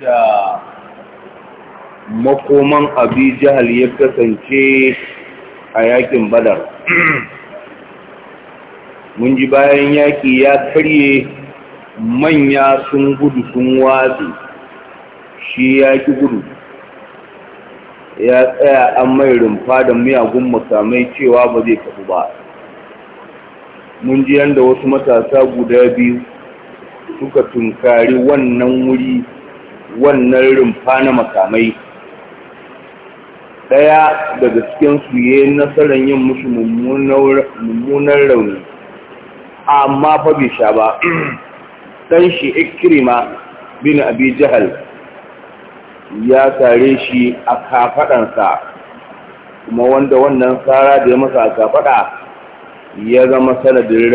da makoman abi jihar ya kasance a yakin badar mun ji bayan yaki ya karye manya sun gudu sun watsi shi ya gudu ya tsaya an mai rumfa da miyagun makamai cewa ba zai kafu ba mun ji yadda wasu matasa guda biyu suka tunkari wannan wuri wannan rumfa na makamai ɗaya daga cikinsu ya yi nasarar yin musu mummunan rauni amma fa bai sha ba ɗan shi ikirima bin abi jihal ya tare shi a kafaɗansa kuma wanda wannan tsara da ya masa a kafaɗa ya zama sanadin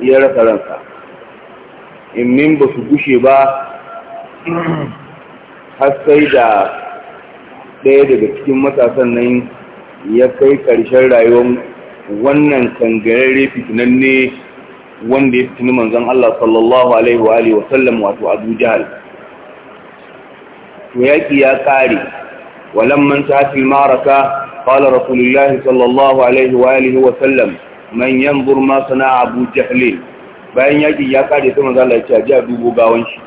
ya rasa ransa in min ba su gushe ba har sai da ɗaya daga cikin matasan nan ya kai ƙarshen rayuwar wannan kangararre fitinanne wanda ya fitini manzan Allah sallallahu alaihi wa wato Abu to yaki ya ƙare, walamman tafi maraka qala rasulullah sallallahu alaihi wa alihi wa man yanzur sana Abu bayan yaki ya kare ta manzon Allah ya ce a gawan shi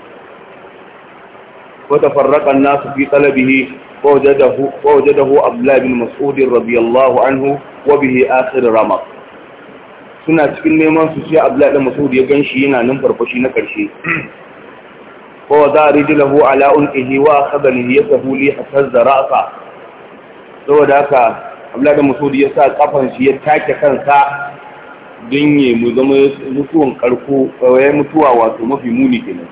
وتفرق الناس في طلبه فوجده, فوجده عبد بن مسعود رضي الله عنه وبه آخر رمق suna cikin neman su sai Abdullahi da Mas'ud ya ganshi yana nan farfashi na karshe fa wada rijlahu ala unqihi wa akhadha liyatahu li hatta ra'sa saboda haka Abdullahi da Mas'ud ya sa kafan shi ya take kansa don ya mu zama mutuwan karko ya eh, mutuwa wato mafi muni kenan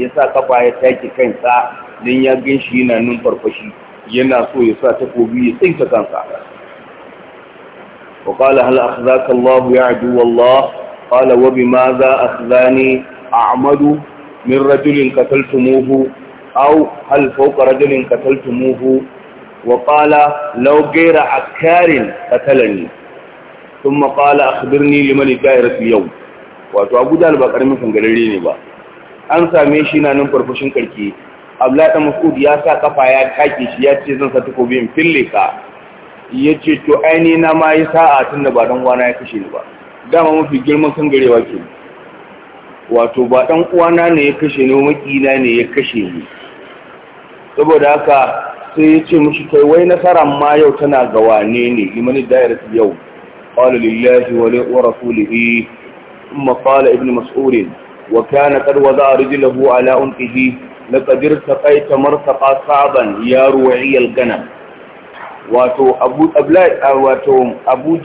ya sa kafa ya take kansa Dan ya gan shi yana nun farfashi yana so ya sa takobi ya tsinka kansa wa qala hal akhzaka Allah ya adu Allah qala wa bima za akhzani a'madu min rajulin qataltumuhu aw hal fawqa rajulin qataltumuhu wa qala law ghayra akarin qatalani ثم قال أخبرني لمن الدائرة yau. wato Abuja da ba karamin kangarare ne ba an same shi na nan farfashin karki abla da masud ya sa kafa ya kake shi ya ce zan sa takobi in fille ka ya ce to aini na ma yi sa'a tun da ba dan uwana ya kashe ni ba dama mafi girman kangarewa ke wato ba dan uwana ne ya kashe ni makina ne ya kashe ni saboda haka sai ya ce mushi kai wai nasara ma yau tana ga wane ne limani da'irat yau قال لله ورسوله ثم قال ابن مسعود وكان قد وضع رجله على أنقه لقد ارتقيت مرتقى صعبا يا روعي الغنم wato abu wato abu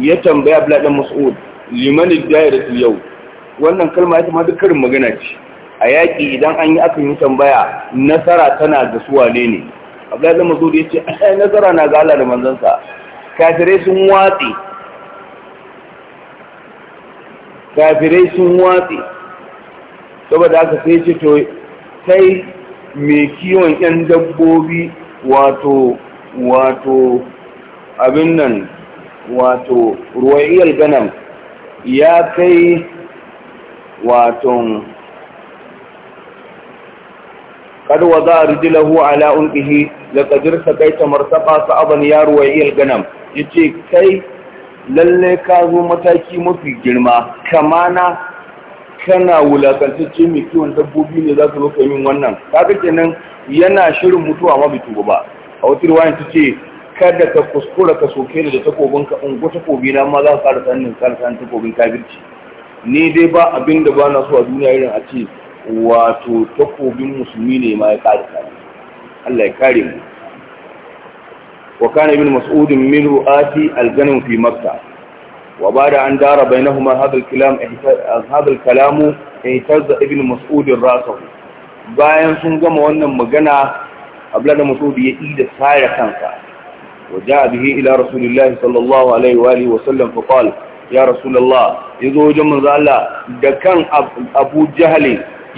ya tambaya abladan mas'ud liman da'iratul yau wannan kalma ita ma karin magana ce a yaki idan an yi akan yi tambaya nasara tana ga suwane ne abladan ya ce, ai nasara na ga Allah da manzansa kafirai sun watsi kafirai sun watsi saboda aka sai ce to kai mai kiwon 'yan dabbobi wato wato abin nan wato ruwa'iyyar ganam ya kai wato kada wa za a rijila hu ala'unkihi da kajirsa kai kamar saba su abin ya ruwa'iyyar ganam ya ce kai lalle ka zo mataki mafi girma kamana, kana wulakantacce mai kiwon dabbobi ne za ka zo ka min wannan kaga kenan yana shirin mutuwa ma bitu ba a wata riwaya ta ce kada ka kuskura ka soke da takobin ka ungo takobi na ma za ka ƙara sanin takobin kafirci ni dai ba abin da so a duniya irin a ce wato takobin musulmi ne ma ya kare mu وكان ابن مسعود منه آتي الجنم في مكة وبعد أن دار بينهما هذا الكلام هذا الكلام اهتز ابن مسعود رأسه bayan sun gama wannan magana abla da masudi ya yi da sare kansa waja bihi ila rasulillahi sallallahu alaihi wa sallam fa qala ya rasulullah yazo wajen manzo da kan Abu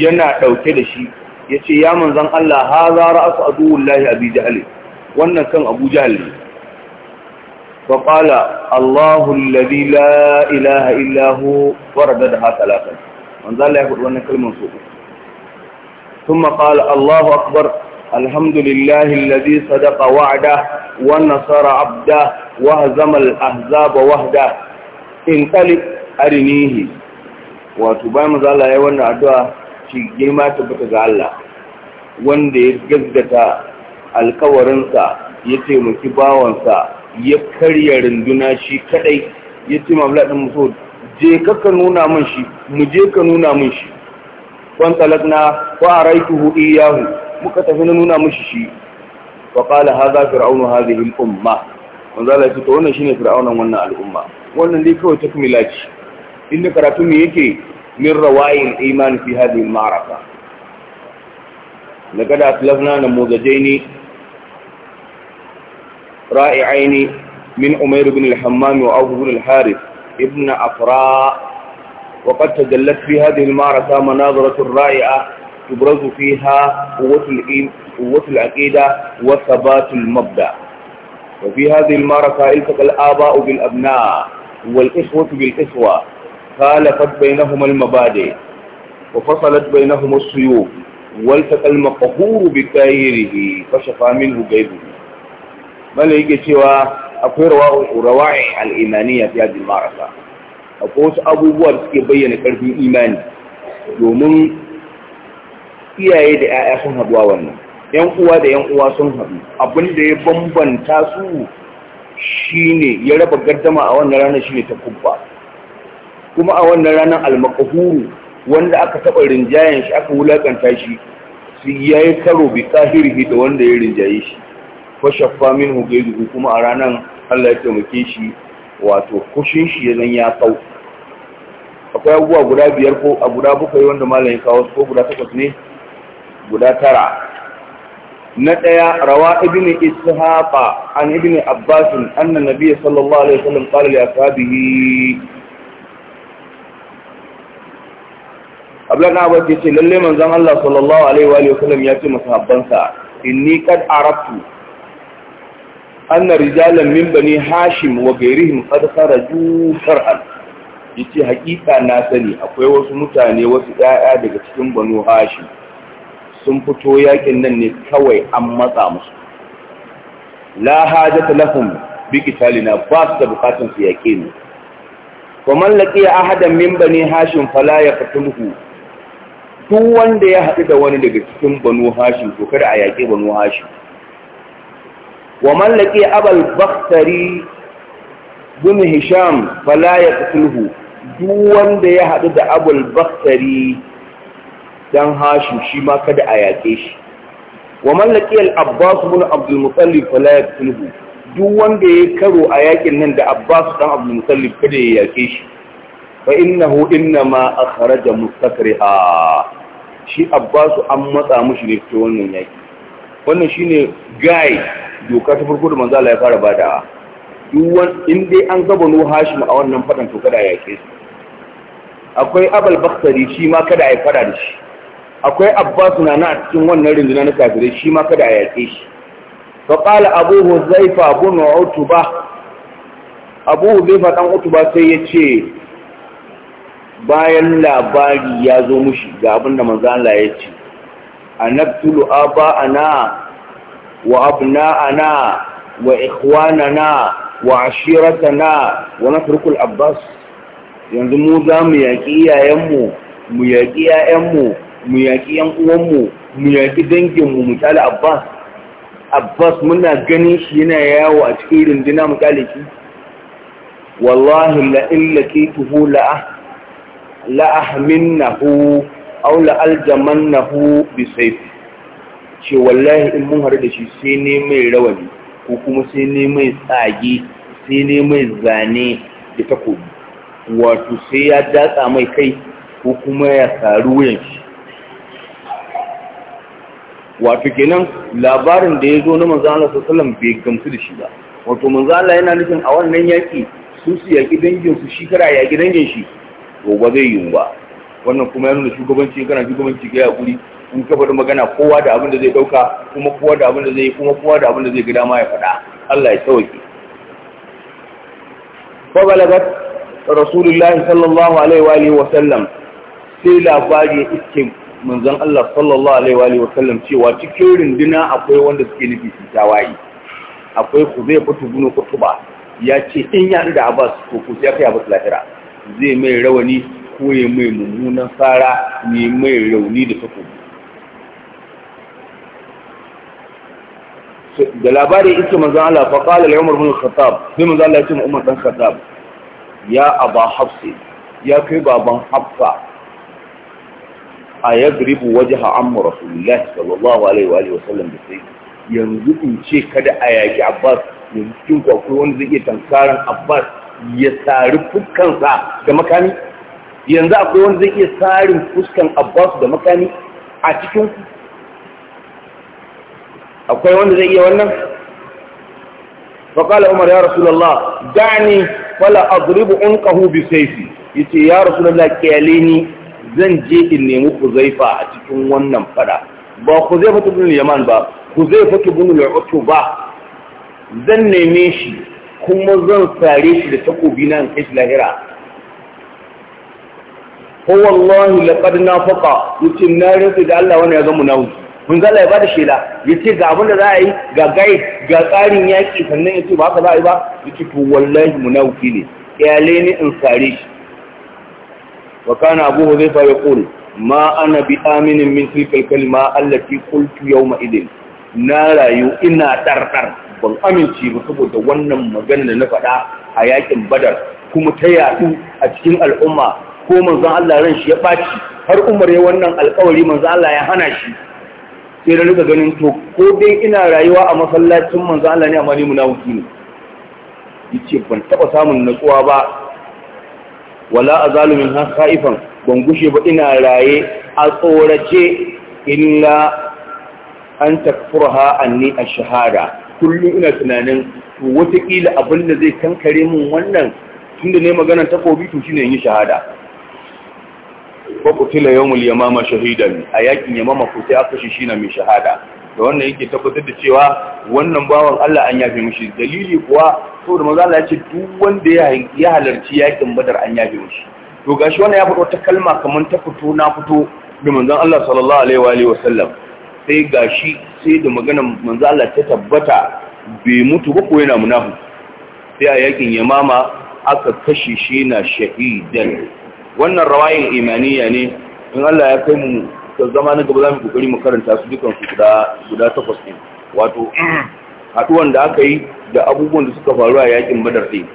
yana dauke da shi yace ya manzon Allah haza ra'su adullahi Abi wannan kan abu jahal ne fa qala allahu alladhi la ilaha illa hu warada da haka lakan manzo Allah ya faɗi wannan kalmar so thumma qala allahu akbar alhamdulillahi alladhi sadaqa wa'da wa nasara 'abda wa hazama al-ahzaba wahda in qalib arinihi wato bayan manzo Allah ya wannan addu'a shi girma tabbata ga Allah wanda ya gaggata alkawarinsa ya taimaki bawansa ya karya runduna shi kadai ya ce mabla ɗin musu je ka ka nuna min shi mu je ka nuna min shi kwan talakna ko a raitu hudu yahu muka tafi na nuna mishi shi wa kala ha za fir'aunu ha zai umma wanda za ta wannan shine fir'aunan wannan al'umma wannan dai kawai ta kuma laci inda karatu ne yake min rawayin imani fi hadhihi al-ma'araka laqad aslafna namudajaini رائعين من أمير بن الحمام وأبو بن الحارث ابن أفراء وقد تجلت في هذه المعركة مناظرة رائعة تبرز فيها قوة العقيدة وثبات المبدأ وفي هذه المعركة التقى الآباء بالأبناء والإخوة بالإخوة خالفت بينهما المبادئ وفصلت بينهما السيوف والتقى المقهور بكايره فشفى منه جيبه bala yake cewa akwai rawa'i al'imaniya fi hajjin ma'arasa akwai wasu abubuwa da suke bayyana ƙarfin imani domin iyaye da 'ya'ya sun haɗuwa wannan yan uwa da yan uwa sun haɗu abinda ya bambanta su shine ya raba gardama a wannan ranar shine ta kubba kuma a wannan ranar almakahuru wanda aka taɓa rinjayen shi aka wulaƙanta shi su yayi karo bi kahirhi da wanda ya rinjaye shi fashaffa min hugairu kuma a ranar Allah ya taimake shi wato kushin shi ya zan ya kau akwai abubuwa guda biyar ko a guda yi wanda malam kawo ko guda takwas ne guda tara na ɗaya rawa Ibni ishaqa an ibni abbas anna nabiy sallallahu alaihi wasallam qala li ashabihi ablan abu ce lalle manzon Allah sallallahu alaihi wa sallam ya ce masahabbansa inni qad arabtu Hannar rijalan min bani hashim wa ghairihim qad kharaju shar'an yace hakika na sani akwai wasu mutane wasu 'ya'ya daga cikin banu hashim sun fito yakin nan ne kawai an matsa musu la hajata lahum bi ba su da bukatun su yake ne kuma laqiya ahadan min bani hashim fala yaqtuluhu duk wanda ya haɗu da wani daga cikin banu hashim to kada a yaƙe banu hashim wa mallake abal bakhtari bin hisham fala ya qatluhu duk wanda ya hadu da abul bakhtari dan hashim shi ma kada a yaƙe shi wa mallake al-abbas bin abdul muttalib fala ya qatluhu duk wanda ya karo a yakin nan da abbas dan abdul muttalib kada ya yaƙe shi fa innahu innama akhraja mustakriha shi abbasu an matsa mushi ne fito wannan yaki wannan shine guy doka ta farko da manzala ya fara badawa duk in dai an gaba no Hashim a wannan fadan to kada ya yake su akwai Abal Bakhtari shi ma kada ya fara da shi akwai Abbas na na cikin wannan rinduna na kafirai shi ma kada ya yake shi fa qala Abu Huzaifa ibn Utba Abu Huzaifa dan Utba sai ya ce bayan labari ya zo mushi ga abinda manzo Allah ya ce a na. Wa na, wa وعشيرتنا ونترك العباس yanzu mu za mu yaƙi iyayenmu mu yaƙi ‘ya'yanmu mu yaƙi ‘yan'uwanmu mu yaƙi danginmu mu tsali abbas abbas muna ganin shi yana yawo a cikin rindina mu tsali ki wallahi la'illaki tuhu la'ahminnahu au nahu, bisaifi ce wallahi in mun haru da shi sai ne mai rawani ko kuma sai ne mai tsage sai ne mai zane da takobi wato sai ya datsa mai kai ko kuma ya saru wuyan shi wato kenan labarin da ya zo na manzo Allah sallallahu bai gamsu da shi ba wato manzo Allah yana nufin a wannan yaki su su yaki dangin su shi kara yaki dangin shi to zai yiwu ba wannan kuma ya nuna shugabanci kana shugabanci ga yakuri in ka faɗi magana kowa da abin da zai ɗauka kuma kowa da abin da zai kuma kowa da abin da zai ga ma ya faɗa Allah ya sauke fa balagat rasulullahi sallallahu alaihi wa sallam sai labari iske manzon Allah sallallahu alaihi wa sallam cewa cikin rinduna akwai wanda suke nufi su tawayi akwai ku zai fito bunu kutuba ya ce in ya da Abbas ko ku sai kai Abbas lahira zai mai rawani ko mai mummunan fara ne mai rauni da ta kuma da labari ita manzo Allah fa qala li Umar bin Khattab sai manzo Allah ya ce Umar dan Khattab ya aba hafsi ya kai baban hafsa a yadribu wajha amma rasulullah sallallahu alaihi wa alihi sallam da sai yanzu in ce kada a yaki Abbas yanzu kin kwakwai wani zai iya tankaran Abbas ya sari fuskansa da makami yanzu akwai wanda zai iya tsarin fuskan abbas da makami a cikin akwai wanda zai iya wannan faƙala umar ya rasulallah dani fala adribu ƙahu bi ya yace ya rasulallah kyale ni zan je in nemi kuzaifa a cikin wannan fada ba ku zai fata ibn yaman ba ku zai kuzaifa ibn al ba, zan neme shi kuma zan sare shi da takobi na in kai lahira ko wallahi laqad nafaqa yace na rufe da Allah wani ya zama nawo mun zalla ya bada shela yace ga abin da za a yi ga gai ga tsarin yaki sannan yace ba haka za a yi ba yace to wallahi munawki ne kyale ne in sare shi wa kana abu huzaifa yaqul ma ana bi aminin min tilka kalma allati qultu yawma idin na rayu ina tartar ban amince ba saboda wannan magana da na faɗa a yakin badar kuma ta yaɗu a cikin al'umma ko manzon Allah ran shi ya ɓaci har umar ya wannan alkawari manzon Allah ya hana shi sai da rika ganin to ko dai ina rayuwa a masallacin manzon Allah ne amma ni munafiki ne yace ban taba samun natsuwa ba wala azalumin min khaifan ban gushe ba ina raye a tsorace illa an takfurha anni ash-shahada kullum ina tunanin to kila abin da zai kankare min wannan tunda ne maganar takobi to shine yin shahada ko kutila yawmul yamama shahidan a yakin yamama ko sai aka shi na mai shahada da wannan yake tabbatar da cewa wannan bawan Allah an yafe mishi dalili kuwa saboda manzo Allah ya ce duk wanda ya ya halarci yakin Badar an yafe mishi to gashi wannan ya faɗo ta kalma kamar ta fito na fito da manzon Allah sallallahu alaihi wa alihi wasallam sai gashi sai da maganar manzo Allah ta tabbata bai mutu ba ko yana munafu sai a yakin yamama aka kashe shi na shahidan wannan rawayin imaniya ne in Allah ya kai mu ta zama na gaba za mu kokari mu karanta su dukansu guda guda takwas ne wato haduwan da aka yi da abubuwan da suka faru a yakin badar ɗin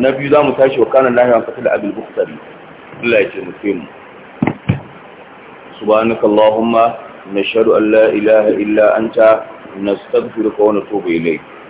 na biyu za mu tashi wa kanan lahiya da abil bukhari Allah ya ce mu sai mu subhanaka allahumma nashhadu an la ilaha illa anta nastaghfiruka wa natubu ilayk